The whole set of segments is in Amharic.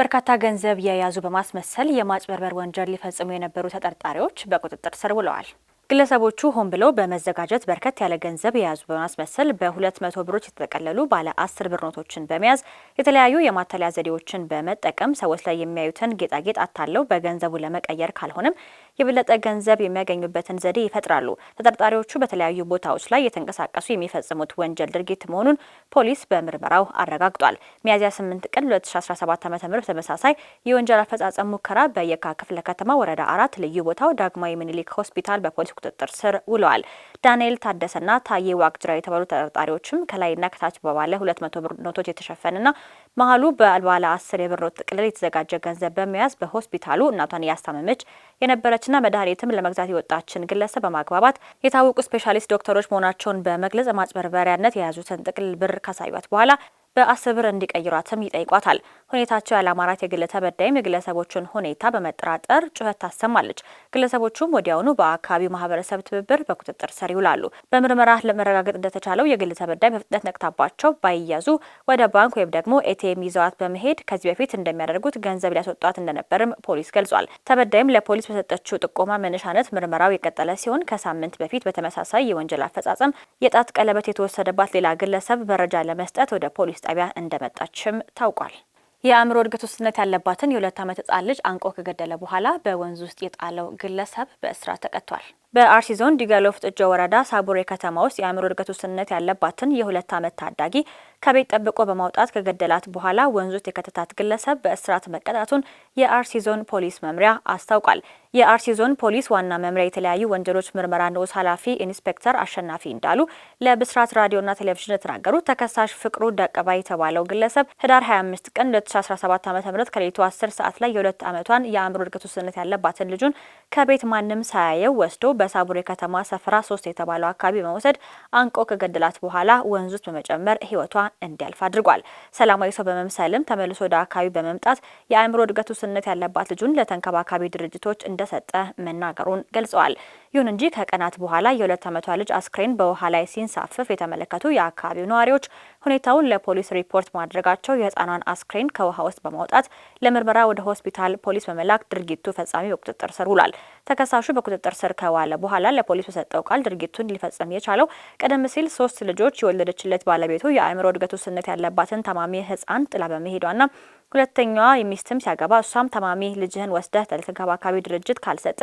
በርካታ ገንዘብ የያዙ በማስመሰል የማጭበርበር ወንጀል ሊፈጽሙ የነበሩ ተጠርጣሪዎች በቁጥጥር ስር ውለዋል። ግለሰቦቹ ሆን ብለው በመዘጋጀት በርከት ያለ ገንዘብ የያዙ በማስመሰል በ200 ብሮች የተጠቀለሉ ባለ 10 ብር ኖቶችን በመያዝ የተለያዩ የማታለያ ዘዴዎችን በመጠቀም ሰዎች ላይ የሚያዩትን ጌጣጌጥ አታለው በገንዘቡ ለመቀየር ካልሆነም የበለጠ ገንዘብ የሚያገኙበትን ዘዴ ይፈጥራሉ። ተጠርጣሪዎቹ በተለያዩ ቦታዎች ላይ የተንቀሳቀሱ የሚፈጽሙት ወንጀል ድርጊት መሆኑን ፖሊስ በምርመራው አረጋግጧል። ሚያዝያ 8 ቀን 2017 ም ተመሳሳይ የወንጀል አፈጻጸም ሙከራ በየካ ክፍለ ከተማ ወረዳ አራት ልዩ ቦታው ዳግማዊ ምኒልክ ሆስፒታል በፖሊስ ቁጥጥር ስር ውለዋል። ዳንኤል ታደሰና ታዬ ዋቅጅራ የተባሉ ተጠርጣሪዎችም ከላይና ከታች በባለ 200 ብር ኖቶች የተሸፈነና መሀሉ በባለ አስር የብር ጥቅልል የተዘጋጀ ገንዘብ በመያዝ በሆስፒታሉ እናቷን እያስታመመች የነበረችና መድኃኒትም ለመግዛት የወጣችን ግለሰብ በማግባባት የታወቁ ስፔሻሊስት ዶክተሮች መሆናቸውን በመግለጽ ማጭበርበሪያነት የያዙትን ጥቅልል ብር ካሳዩት በኋላ በአስር ብር እንዲቀይሯትም ይጠይቋታል። ሁኔታቸው ያላማራት የግል ተበዳይም የግለሰቦችን ሁኔታ በመጠራጠር ጩኸት ታሰማለች። ግለሰቦቹም ወዲያውኑ በአካባቢው ማህበረሰብ ትብብር በቁጥጥር ስር ይውላሉ። በምርመራ ለመረጋገጥ እንደተቻለው የግል ተበዳይ በፍጥነት ነቅታባቸው ባይያዙ ወደ ባንክ ወይም ደግሞ ኤቲኤም ይዘዋት በመሄድ ከዚህ በፊት እንደሚያደርጉት ገንዘብ ሊያስወጧት እንደነበርም ፖሊስ ገልጿል። ተበዳይም ለፖሊስ በሰጠችው ጥቆማ መነሻነት ምርመራው የቀጠለ ሲሆን ከሳምንት በፊት በተመሳሳይ የወንጀል አፈጻጸም የጣት ቀለበት የተወሰደባት ሌላ ግለሰብ መረጃ ለመስጠት ወደ ፖሊስ ጣቢያ እንደመጣችም ታውቋል። የአእምሮ እድገት ውስንነት ያለባትን የሁለት ዓመት ህጻን ልጅ አንቆ ከገደለ በኋላ በወንዝ ውስጥ የጣለው ግለሰብ በእስራት ተቀጥቷል። በአርሲ ዞን ዲጋሎ ፍጥጆ ወረዳ ሳቡሬ ከተማ ውስጥ የአእምሮ እድገት ውስንነት ያለባትን የሁለት ዓመት ታዳጊ ከቤት ጠብቆ በማውጣት ከገደላት በኋላ ወንዙ ውስጥ የከተታት ግለሰብ በእስራት መቀጣቱን የአርሲ ዞን ፖሊስ መምሪያ አስታውቋል። የአርሲ ዞን ፖሊስ ዋና መምሪያ የተለያዩ ወንጀሎች ምርመራ ንዑስ ኃላፊ ኢንስፔክተር አሸናፊ እንዳሉ ለብስራት ራዲዮና ቴሌቪዥን የተናገሩት ተከሳሽ ፍቅሩ ደቀባ የተባለው ግለሰብ ህዳር 25 ቀን 2017 ዓ ም ከሌሊቱ 10 ሰዓት ላይ የሁለት ዓመቷን የአእምሮ እድገት ውስንነት ያለባትን ልጁን ከቤት ማንም ሳያየው ወስዶ በሳቡሬ ከተማ ሰፈራ ሶስት የተባለው አካባቢ በመውሰድ አንቆ ከገደላት በኋላ ወንዝ ውስጥ በመጨመር ህይወቷ እንዲያልፍ አድርጓል። ሰላማዊ ሰው በመምሰልም ተመልሶ ወደ አካባቢ በመምጣት የአእምሮ እድገት ውስንነት ያለባት ልጁን ለተንከባካቢ ድርጅቶች እንደሰጠ መናገሩን ገልጸዋል። ይሁን እንጂ ከቀናት በኋላ የሁለት ዓመቷ ልጅ አስክሬን በውሃ ላይ ሲንሳፈፍ የተመለከቱ የአካባቢው ነዋሪዎች ሁኔታውን ለፖሊስ ሪፖርት ማድረጋቸው፣ የህፃኗን አስክሬን ከውሃ ውስጥ በማውጣት ለምርመራ ወደ ሆስፒታል ፖሊስ በመላክ ድርጊቱ ፈጻሚ በቁጥጥር ስር ውሏል። ተከሳሹ በቁጥጥር ስር ከዋለ በኋላ ለፖሊስ በሰጠው ቃል ድርጊቱን ሊፈጽም የቻለው ቀደም ሲል ሶስት ልጆች የወለደችለት ባለቤቱ የአእምሮ እድገት ውስንነት ያለባትን ታማሚ ህፃን ጥላ በመሄዷና ሁለተኛዋ ሚስትም ሲያገባ እሷም ተማሚ ልጅህን ወስደህ ለተንከባካቢ ድርጅት ካልሰጠ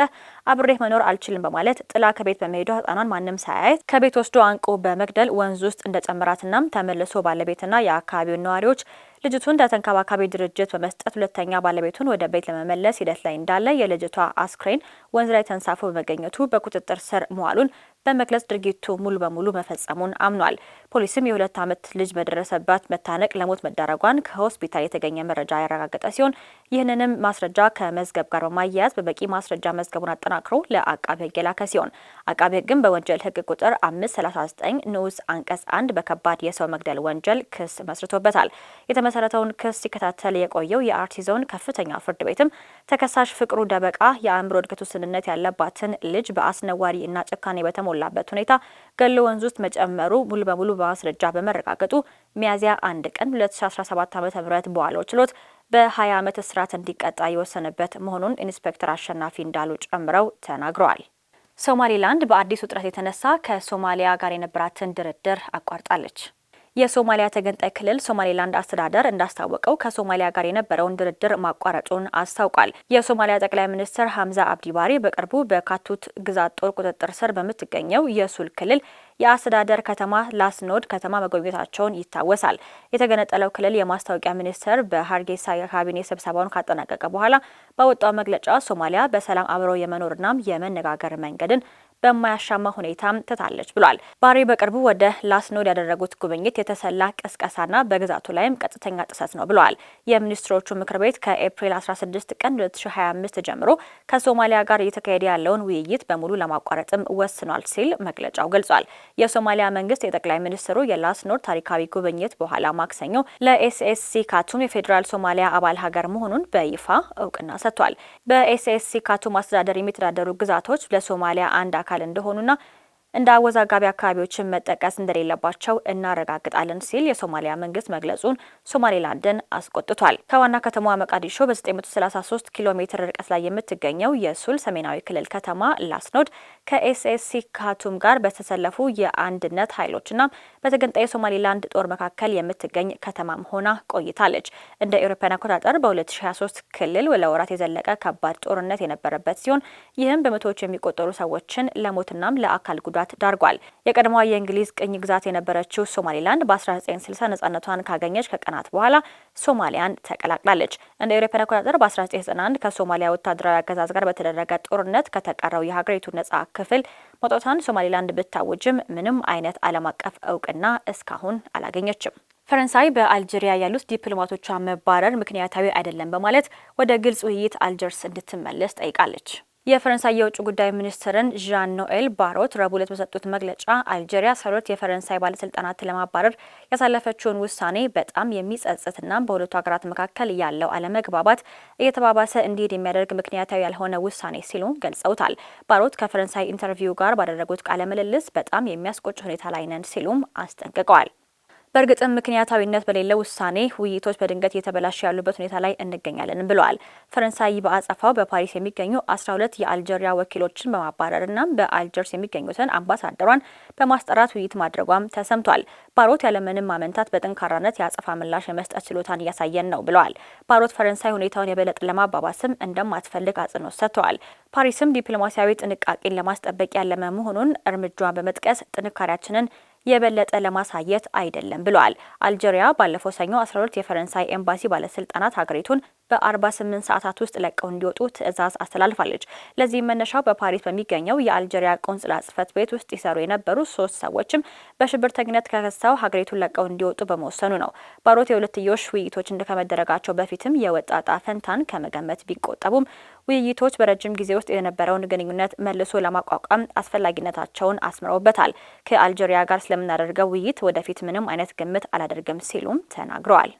አብሬህ መኖር አልችልም በማለት ጥላ ከቤት በመሄዷ ህጻኗን ማንም ሳያየት ከቤት ወስዶ አንቆ በመግደል ወንዝ ውስጥ እንደጨምራትናም ተመልሶ ባለቤትና የአካባቢውን ነዋሪዎች ልጅቱን ለተንከባካቢ ድርጅት በመስጠት ሁለተኛ ባለቤቱን ወደ ቤት ለመመለስ ሂደት ላይ እንዳለ የልጅቷ አስክሬን ወንዝ ላይ ተንሳፎ በመገኘቱ በቁጥጥር ስር መዋሉን በመግለጽ ድርጊቱ ሙሉ በሙሉ መፈጸሙን አምኗል። ፖሊስም የሁለት ዓመት ልጅ በደረሰባት መታነቅ ለሞት መዳረጓን ከሆስፒታል የተገኘ መረጃ ያረጋገጠ ሲሆን ይህንንም ማስረጃ ከመዝገብ ጋር በማያያዝ በበቂ ማስረጃ መዝገቡን አጠናክሮ ለአቃቢ ሕግ የላከ ሲሆን አቃቤ ሕግም በወንጀል ሕግ ቁጥር 539 ንዑስ አንቀጽ አንድ በከባድ የሰው መግደል ወንጀል ክስ መስርቶበታል። የተመሰረተውን ክስ ሲከታተል የቆየው የአርሲ ዞን ከፍተኛ ፍርድ ቤትም ተከሳሽ ፍቅሩ ደበቃ የአእምሮ እድገት ውስንነት ያለባትን ልጅ በአስነዋሪ እና ጭካኔ በተሞላበት ሁኔታ ገሎ ወንዝ ውስጥ መጨመሩ ሙሉ በሙሉ በማስረጃ በመረጋገጡ ሚያዝያ አንድ ቀን 2017 ዓ ም በዋለው ችሎት በ20 ዓመት እስራት እንዲቀጣ የወሰነበት መሆኑን ኢንስፔክተር አሸናፊ እንዳሉ ጨምረው ተናግረዋል። ሶማሌላንድ በአዲስ ውጥረት የተነሳ ከሶማሊያ ጋር የነበራትን ድርድር አቋርጣለች። የሶማሊያ ተገንጣይ ክልል ሶማሌላንድ አስተዳደር እንዳስታወቀው ከሶማሊያ ጋር የነበረውን ድርድር ማቋረጡን አስታውቋል። የሶማሊያ ጠቅላይ ሚኒስትር ሀምዛ አብዲ ባሬ በቅርቡ በካቱት ግዛት ጦር ቁጥጥር ስር በምትገኘው የሱል ክልል የአስተዳደር ከተማ ላስኖድ ከተማ መጎብኘታቸውን ይታወሳል። የተገነጠለው ክልል የማስታወቂያ ሚኒስትር በሀርጌሳ የካቢኔ ስብሰባውን ካጠናቀቀ በኋላ ባወጣው መግለጫ ሶማሊያ በሰላም አብሮ የመኖርናም የመነጋገር መንገድን በማያሻማ ሁኔታም ትታለች ብሏል። ባሬ በቅርቡ ወደ ላስኖድ ያደረጉት ጉብኝት የተሰላ ቀስቀሳና በግዛቱ ላይም ቀጥተኛ ጥሰት ነው ብለዋል። የሚኒስትሮቹ ምክር ቤት ከኤፕሪል 16 ቀን 2025 ጀምሮ ከሶማሊያ ጋር እየተካሄደ ያለውን ውይይት በሙሉ ለማቋረጥም ወስኗል ሲል መግለጫው ገልጿል። የሶማሊያ መንግስት የጠቅላይ ሚኒስትሩ የላስኖድ ታሪካዊ ጉብኝት በኋላ ማክሰኞ ለኤስኤስሲ ካቱም የፌዴራል ሶማሊያ አባል ሀገር መሆኑን በይፋ እውቅና ሰጥቷል። በኤስኤስሲ ካቱም አስተዳደር የሚተዳደሩ ግዛቶች ለሶማሊያ አንድ አካል አካል እንደሆኑና እንደ አወዛጋቢ አካባቢዎችን መጠቀስ እንደሌለባቸው እናረጋግጣለን ሲል የሶማሊያ መንግስት መግለጹን ሶማሌላንድን አስቆጥቷል። ከዋና ከተማዋ መቃዲሾ በ933 ኪሎ ሜትር ርቀት ላይ የምትገኘው የሱል ሰሜናዊ ክልል ከተማ ላስኖድ ከኤስኤስሲ ካቱም ጋር በተሰለፉ የአንድነት ኃይሎችና በተገንጣይ የሶማሌላንድ ጦር መካከል የምትገኝ ከተማም ሆና ቆይታለች። እንደ ኤሮፓውያን አቆጣጠር በ2023 ክልል ለወራት የዘለቀ ከባድ ጦርነት የነበረበት ሲሆን ይህም በመቶዎች የሚቆጠሩ ሰዎችን ለሞትናም ለአካል ጉዳ ለስጋት ዳርጓል። የቀድሞዋ የእንግሊዝ ቅኝ ግዛት የነበረችው ሶማሊላንድ በ1960 ነጻነቷን ካገኘች ከቀናት በኋላ ሶማሊያን ተቀላቅላለች። እንደ ኤሮፓን አቆጣጠር በ1991 ከሶማሊያ ወታደራዊ አገዛዝ ጋር በተደረገ ጦርነት ከተቀረው የሀገሪቱ ነጻ ክፍል መውጣቷን ሶማሌላንድ ብታወጅም ምንም አይነት ዓለም አቀፍ እውቅና እስካሁን አላገኘችም። ፈረንሳይ በአልጄሪያ ያሉት ዲፕሎማቶቿ መባረር ምክንያታዊ አይደለም በማለት ወደ ግልጽ ውይይት አልጀርስ እንድትመለስ ጠይቃለች። የፈረንሳይ የውጭ ጉዳይ ሚኒስትርን ዣን ኖኤል ባሮት ረቡዕ ዕለት በሰጡት መግለጫ አልጄሪያ ሰሮት የፈረንሳይ ባለስልጣናት ለማባረር ያሳለፈችውን ውሳኔ በጣም የሚጸጽትና በሁለቱ ሀገራት መካከል ያለው አለመግባባት እየተባባሰ እንዲሄድ የሚያደርግ ምክንያታዊ ያልሆነ ውሳኔ ሲሉ ገልጸውታል። ባሮት ከፈረንሳይ ኢንተርቪው ጋር ባደረጉት ቃለ ምልልስ በጣም የሚያስቆጭ ሁኔታ ላይ ነን ሲሉም አስጠንቅቀዋል። በእርግጥም ምክንያታዊነት በሌለው ውሳኔ ውይይቶች በድንገት እየተበላሸ ያሉበት ሁኔታ ላይ እንገኛለን ብለዋል። ፈረንሳይ በአጸፋው በፓሪስ የሚገኙ 12 የአልጀሪያ ወኪሎችን በማባረር እናም በአልጀርስ የሚገኙትን አምባሳደሯን በማስጠራት ውይይት ማድረጓም ተሰምቷል። ባሮት ያለምንም ማመንታት በጥንካራነት የአጸፋ ምላሽ የመስጠት ችሎታን እያሳየን ነው ብለዋል። ባሮት ፈረንሳይ ሁኔታውን የበለጥ ለማባባስም እንደማትፈልግ አጽንኦት ሰጥተዋል። ፓሪስም ዲፕሎማሲያዊ ጥንቃቄን ለማስጠበቅ ያለመ መሆኑን እርምጃዋን በመጥቀስ ጥንካሬያችንን የበለጠ ለማሳየት አይደለም ብለዋል። አልጄሪያ ባለፈው ሰኞ 12 የፈረንሳይ ኤምባሲ ባለስልጣናት ሀገሪቱን በ48 ሰዓታት ውስጥ ለቀው እንዲወጡ ትዕዛዝ አስተላልፋለች። ለዚህም መነሻው በፓሪስ በሚገኘው የአልጄሪያ ቆንጽላ ጽህፈት ቤት ውስጥ ይሰሩ የነበሩ ሶስት ሰዎችም በሽብርተኝነት ከከሰው ሀገሪቱን ለቀው እንዲወጡ በመወሰኑ ነው። ባሮት የሁለትዮሽ ውይይቶች እንደከመደረጋቸው በፊትም የወጣጣ ፈንታን ከመገመት ቢቆጠቡም ውይይቶች በረጅም ጊዜ ውስጥ የነበረውን ግንኙነት መልሶ ለማቋቋም አስፈላጊነታቸውን አስምረውበታል። ከአልጄሪያ ጋር ስለምናደርገው ውይይት ወደፊት ምንም አይነት ግምት አላደርግም ሲሉም ተናግረዋል።